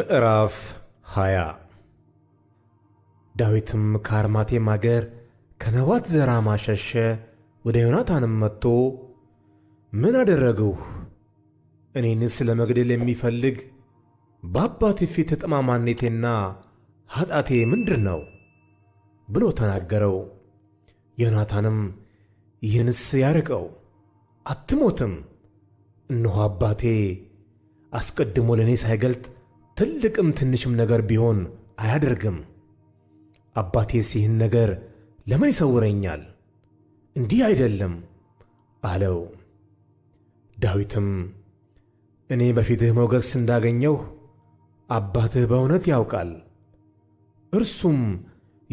ምዕራፍ 20 ዳዊትም ከአርማቴም አገር ከነዋት ዘራማ ሸሸ። ወደ ዮናታንም መጥቶ ምን አደረግሁ? እኔንስ ለመግደል የሚፈልግ በአባቴ ፊት ጠማማነቴና ኃጢአቴ ምንድር ነው? ብሎ ተናገረው። ዮናታንም ይህንስ ያርቀው፣ አትሞትም። እነሆ አባቴ አስቀድሞ ለእኔ ሳይገልጥ ትልቅም ትንሽም ነገር ቢሆን አያደርግም። አባቴስ ይህን ነገር ለምን ይሰውረኛል? እንዲህ አይደለም አለው። ዳዊትም እኔ በፊትህ ሞገስ እንዳገኘሁ አባትህ በእውነት ያውቃል፣ እርሱም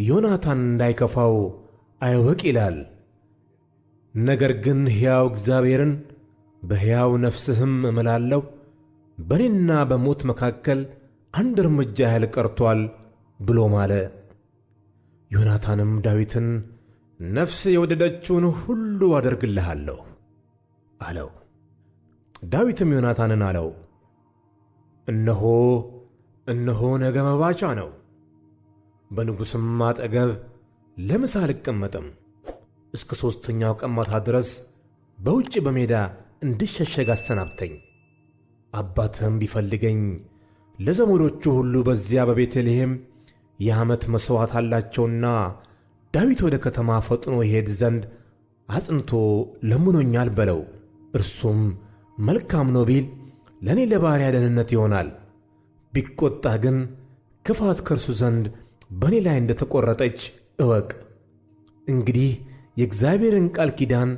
ዮናታን እንዳይከፋው አይወቅ ይላል። ነገር ግን ሕያው እግዚአብሔርን በሕያው ነፍስህም እምላለሁ፣ በእኔና በሞት መካከል አንድ እርምጃ ያህል ቀርቷል ብሎ ማለ። ዮናታንም ዳዊትን ነፍስ የወደደችውን ሁሉ አደርግልሃለሁ አለው። ዳዊትም ዮናታንን አለው፣ እነሆ እነሆ ነገ መባቻ ነው፣ በንጉሥም አጠገብ ለምሳ አልቀመጥም። እስከ ሦስተኛው ቀን ማታ ድረስ በውጭ በሜዳ እንድሸሸግ አሰናብተኝ። አባትህም ቢፈልገኝ ለዘመዶቹ ሁሉ በዚያ በቤተልሔም የዓመት መሥዋዕት አላቸውና ዳዊት ወደ ከተማ ፈጥኖ ይሄድ ዘንድ አጽንቶ ለምኖኛል በለው። እርሱም መልካም ነው ቢል ለእኔ ለባሪያ ደህንነት ይሆናል፤ ቢቈጣ ግን ክፋት ከእርሱ ዘንድ በእኔ ላይ እንደ ተቈረጠች እወቅ። እንግዲህ የእግዚአብሔርን ቃል ኪዳን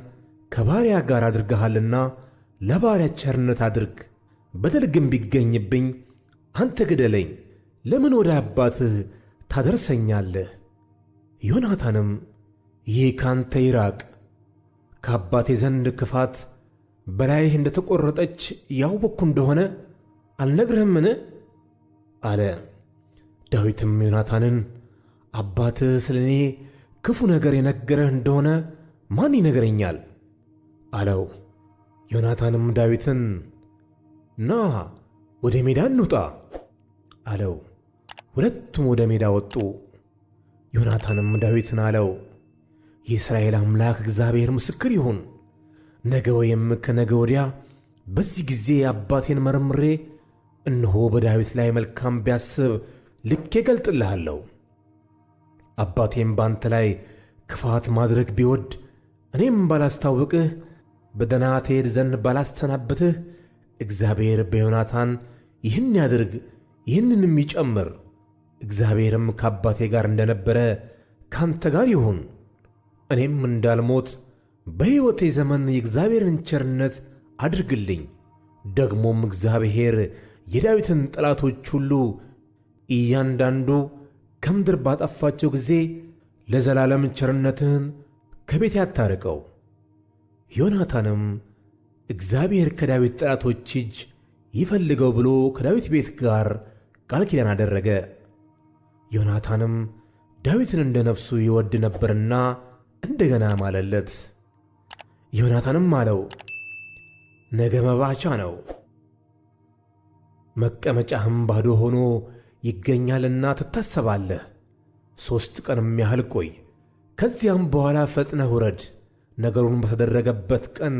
ከባሪያ ጋር አድርገሃልና ለባሪያ ቸርነት አድርግ። በደል ግን ቢገኝብኝ አንተ ግደለኝ፣ ለምን ወደ አባትህ ታደርሰኛለህ? ዮናታንም ይህ ካንተ ይራቅ፣ ከአባቴ ዘንድ ክፋት በላይህ እንደ ተቈረጠች ያወቅኩ እንደሆነ አልነግርህምን? አለ። ዳዊትም ዮናታንን አባትህ ስለ እኔ ክፉ ነገር የነገረህ እንደሆነ ማን ይነግረኛል? አለው። ዮናታንም ዳዊትን ና ወደ ሜዳ እንውጣ አለው። ሁለቱም ወደ ሜዳ ወጡ። ዮናታንም ዳዊትን አለው፣ የእስራኤል አምላክ እግዚአብሔር ምስክር ይሁን፣ ነገ ወይም ከነገ ወዲያ በዚህ ጊዜ አባቴን መርምሬ እነሆ በዳዊት ላይ መልካም ቢያስብ ልኬ እገልጥልሃለሁ። አባቴም ባንተ ላይ ክፋት ማድረግ ቢወድ እኔም ባላስታውቅህ በደና ትሄድ ዘንድ ባላስተናብትህ እግዚአብሔር በዮናታን ይህን ያድርግ ይህንንም ይጨምር፣ እግዚአብሔርም ከአባቴ ጋር እንደነበረ ካንተ ጋር ይሁን፣ እኔም እንዳልሞት በሕይወቴ ዘመን የእግዚአብሔርን ቸርነት አድርግልኝ፣ ደግሞም እግዚአብሔር የዳዊትን ጠላቶች ሁሉ እያንዳንዱ ከምድር ባጠፋቸው ጊዜ ለዘላለም ቸርነትህን ከቤት ያታርቀው ዮናታንም እግዚአብሔር ከዳዊት ጠላቶች እጅ ይፈልገው ብሎ ከዳዊት ቤት ጋር ቃል ኪዳን አደረገ። ዮናታንም ዳዊትን እንደ ነፍሱ ይወድ ነበርና እንደገና ማለለት። ዮናታንም አለው፣ ነገ መባቻ ነው፣ መቀመጫህም ባዶ ሆኖ ይገኛልና ትታሰባለህ። ሦስት ቀንም ያህል ቆይ፣ ከዚያም በኋላ ፈጥነህ ውረድ። ነገሩን በተደረገበት ቀን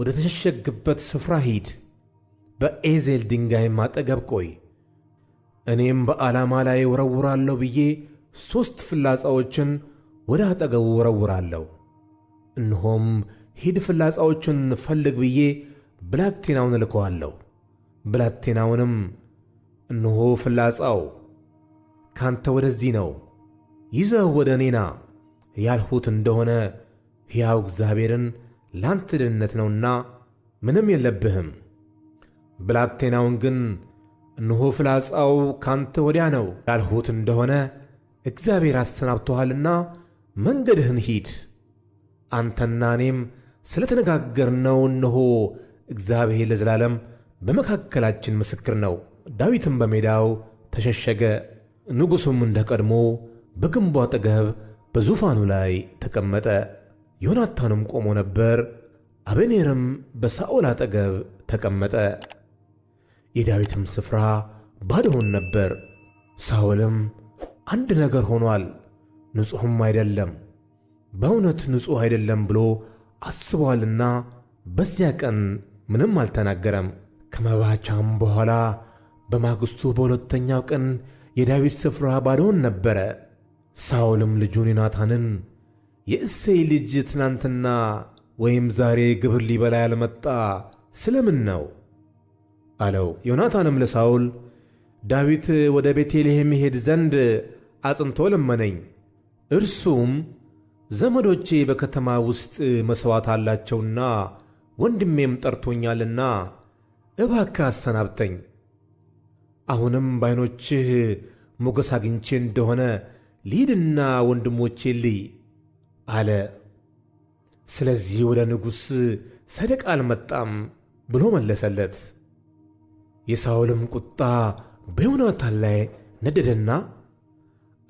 ወደ ተሸሸግበት ስፍራ ሂድ፣ በኤዜል ድንጋይም አጠገብ ቆይ። እኔም በዓላማ ላይ እወረውራለሁ ብዬ ሦስት ፍላጻዎችን ወደ አጠገቡ እወረውራለሁ። እነሆም ሂድ ፍላጻዎቹን ፈልግ ብዬ ብላቴናውን እልከዋለሁ። ብላቴናውንም እነሆ ፍላጻው ካንተ ወደዚህ ነው፣ ይዘህ ወደ እኔና ያልሁት እንደሆነ ሕያው እግዚአብሔርን ለአንተ ደህንነት ነውና ምንም የለብህም። ብላቴናውን ግን እነሆ ፍላጻው ካንተ ወዲያ ነው ያልሁት እንደሆነ እግዚአብሔር አሰናብቶሃልና መንገድህን ሂድ። አንተና እኔም ስለ ተነጋገርነው እነሆ እግዚአብሔር ለዘላለም በመካከላችን ምስክር ነው። ዳዊትም በሜዳው ተሸሸገ። ንጉሡም እንደ ቀድሞ በግንቡ አጠገብ በዙፋኑ ላይ ተቀመጠ። ዮናታንም ቆሞ ነበር። አበኔርም በሳኦል አጠገብ ተቀመጠ። የዳዊትም ስፍራ ባዶውን ነበር። ሳኦልም አንድ ነገር ሆኗል፣ ንጹሕም አይደለም፣ በእውነት ንጹሕ አይደለም ብሎ አስበዋልና በዚያ ቀን ምንም አልተናገረም። ከመባቻም በኋላ በማግስቱ በሁለተኛው ቀን የዳዊት ስፍራ ባዶውን ነበረ። ሳኦልም ልጁን ዮናታንን የእሴይ ልጅ ትናንትና ወይም ዛሬ ግብር ሊበላ ያልመጣ ስለምን ነው አለው። ዮናታንም ለሳውል ዳዊት ወደ ቤቴልሔም ይሄድ ዘንድ አጽንቶ ለመነኝ፣ እርሱም ዘመዶቼ በከተማ ውስጥ መሥዋዕት አላቸውና ወንድሜም ጠርቶኛልና እባክህ አሰናብተኝ። አሁንም ባይኖችህ ሞገስ አግኝቼ እንደሆነ ልሂድና ወንድሞቼ ልይ አለ። ስለዚህ ወደ ንጉሥ ሰደቃ አልመጣም ብሎ መለሰለት። የሳውልም ቁጣ በዮናታን ላይ ነደደና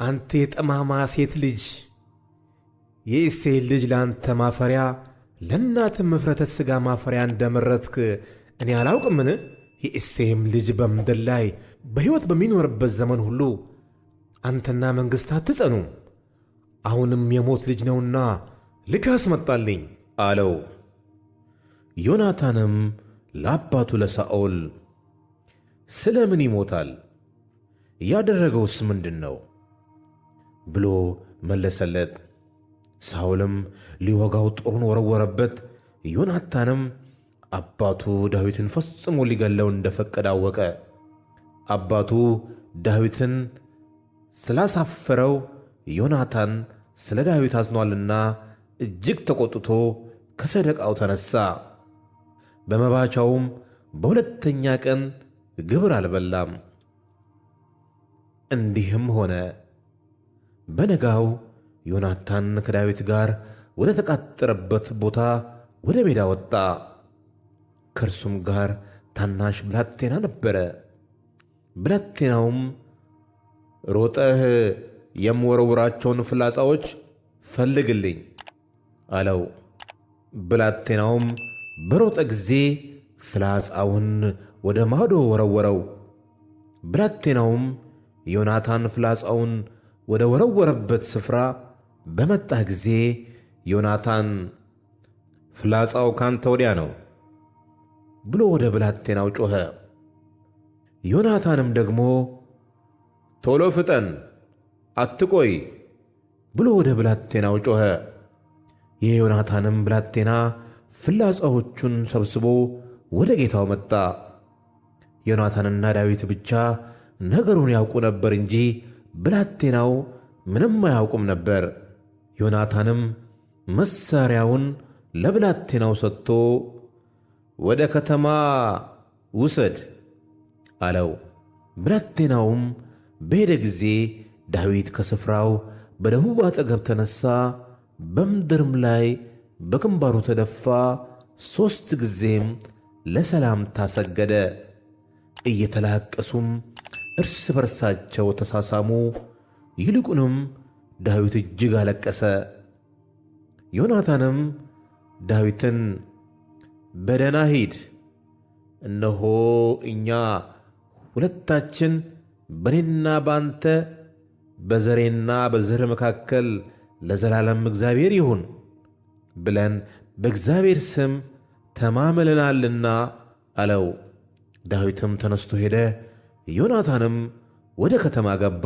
አንተ የጠማማ ሴት ልጅ የእሴይን ልጅ ለአንተ ማፈሪያ ለእናትም እፍረተ ሥጋ ማፈሪያ እንደመረትክ እኔ አላውቅምን? የእሴይም ልጅ በምድር ላይ በሕይወት በሚኖርበት ዘመን ሁሉ አንተና መንግሥታት ትጸኑ። አሁንም የሞት ልጅ ነውና ልክ አስመጣልኝ አለው። ዮናታንም ለአባቱ ለሳኦል ስለ ምን ይሞታል? ያደረገውስ ምንድን ነው? ብሎ መለሰለት። ሳኦልም ሊወጋው ጦሩን ወረወረበት። ዮናታንም አባቱ ዳዊትን ፈጽሞ ሊገለው እንደፈቀደ አወቀ። አባቱ ዳዊትን ስላሳፈረው ዮናታን ስለ ዳዊት አዝኗልና እጅግ ተቆጥቶ ከሰደቃው ተነሣ። በመባቻውም በሁለተኛ ቀን ግብር አልበላም። እንዲህም ሆነ፣ በነጋው ዮናታን ከዳዊት ጋር ወደ ተቃጠረበት ቦታ ወደ ሜዳ ወጣ። ከእርሱም ጋር ታናሽ ብላቴና ነበረ። ብላቴናውም ሮጠህ የምወረውራቸውን ፍላጻዎች ፈልግልኝ አለው። ብላቴናውም በሮጠ ጊዜ ፍላጻውን ወደ ማዶ ወረወረው። ብላቴናውም ዮናታን ፍላጻውን ወደ ወረወረበት ስፍራ በመጣ ጊዜ ዮናታን ፍላጻው ካንተ ወዲያ ነው ብሎ ወደ ብላቴናው ጮኸ። ዮናታንም ደግሞ ቶሎ ፍጠን አትቆይ ብሎ ወደ ብላቴናው ጮኸ። የዮናታንም ብላቴና ፍላጻዎቹን ሰብስቦ ወደ ጌታው መጣ። ዮናታንና ዳዊት ብቻ ነገሩን ያውቁ ነበር እንጂ ብላቴናው ምንም አያውቁም ነበር። ዮናታንም መሳሪያውን ለብላቴናው ሰጥቶ ወደ ከተማ ውሰድ አለው። ብላቴናውም በሄደ ጊዜ ዳዊት ከስፍራው በደቡብ አጠገብ ተነሣ፣ በምድርም ላይ በግንባሩ ተደፋ፣ ሦስት ጊዜም ለሰላምታ ሰገደ። እየተላቀሱም እርስ በርሳቸው ተሳሳሙ። ይልቁንም ዳዊት እጅግ አለቀሰ። ዮናታንም ዳዊትን በደና ሂድ፣ እነሆ እኛ ሁለታችን በእኔና በአንተ በዘሬና በዘር መካከል ለዘላለም እግዚአብሔር ይሁን ብለን በእግዚአብሔር ስም ተማምለናልና አለው። ዳዊትም ተነስቶ ሄደ፣ ዮናታንም ወደ ከተማ ገባ።